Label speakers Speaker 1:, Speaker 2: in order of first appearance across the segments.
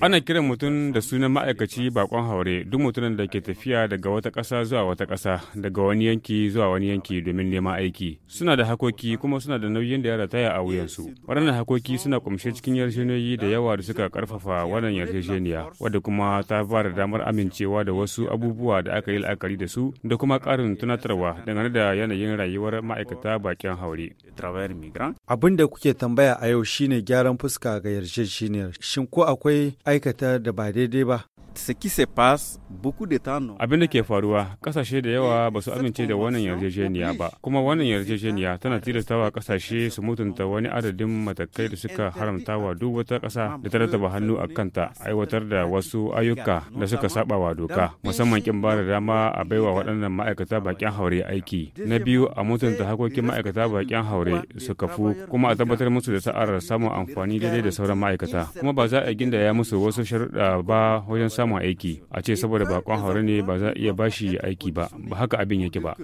Speaker 1: Ana kiran mutum da sunan ma'aikaci bakon haure duk mutumin da ke tafiya daga wata ƙasa zuwa wata ƙasa daga wani yanki zuwa wani yanki domin neman aiki. Suna da hakoki kuma suna da nauyin da ya rataya a wuyansu. Waɗannan hakoki suna kumshe cikin yarjejeniyoyi da yawa da suka karfafa wannan yarjejeniya wadda kuma ta ba da damar amincewa da wasu abubuwa da aka yi la'akari da su da kuma ƙarin tunatarwa dangane da yanayin rayuwar ma'aikata bakin
Speaker 2: haure. Abin da kuke tambaya a yau shine gyaran fuska ga yarjejeniyar shin ko akwai aikata da ba daidai ba? Abin
Speaker 1: da ke faruwa, kasashe da yawa ba su amince da wannan yarjejeniya ba, kuma wannan yarjejeniya tana tilastawa kasashe su mutunta wani adadin matakai da suka haramta wa duk wata kasa da ta rataba hannu a kanta aiwatar da wasu ayyuka da suka saba wa doka, musamman kin ba da dama a baiwa waɗannan ma'aikata bakin haure aiki. Na biyu a mutunta hakokin ma'aikata bakin haure su kafu kuma a tabbatar musu da sa'ar samun amfani daidai da sauran ma'aikata, kuma ba za a ya musu wasu sharuɗa ba wajen samun samun aiki a ce saboda bakon haure ne ba za a iya bashi aiki ba ba haka abin yake ba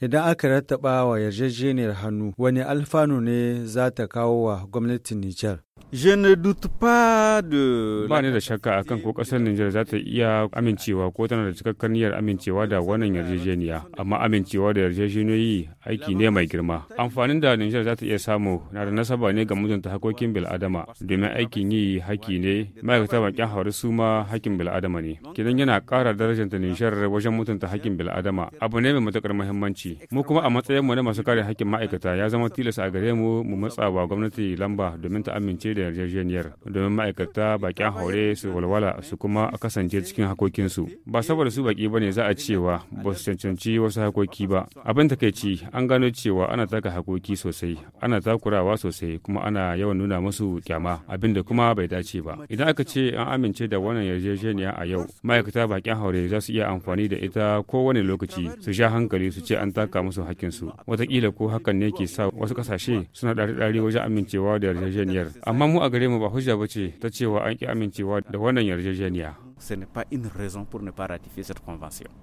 Speaker 2: idan aka rattaba wa yarjejeniyar hannu wani alfanu ne za ta kawo wa gwamnatin nijar Je ne doute pas de Ba ni da shakka akan ko kasar
Speaker 1: Nijar za ta iya amincewa ko tana da cikakkar niyyar amincewa da wannan yarjejeniya, amma amincewa da yarjejeniyoyi aiki ne mai girma. Amfanin da Nijar za ta iya samu na da nasaba ne ga mutunta hakokin bil'adama, domin aikin yi haki ne, ma'aikata bakin hauri su ma hakin bil'adama ne. Kidan yana ƙara darajanta Nijar wajen mutunta hakin bil'adama, abu ne mai matuƙar muhimmanci. Mu kuma a matsayin mu na masu kare hakin ma'aikata ya zama tilas a gare mu mu matsawa gwamnati lamba domin ta amince da yarjejeniyar domin ma'aikata bakin haure su walwala su kuma a kasance cikin hakokinsu ba saboda su baki bane za a cewa ba su cancanci wasu hakoki ba abin takaici an gano cewa ana taka hakoki sosai ana takurawa sosai kuma ana yawan nuna musu kyama abin da kuma bai dace ba idan aka ce an amince da wannan yarjejeniya a yau ma'aikata bakin haure za su iya amfani da ita kowane lokaci su sha hankali su ce an taka musu hakkinsu watakila ko hakan ne ke sa wasu kasashe suna ɗari-ɗari wajen amincewa da yarjejeniyar amma amma mu a gare mu ba hujja ba ce ta cewa an ki amincewa da wannan yarjejeniya. Ce n'est pas une raison pour ne pas ratifier cette convention.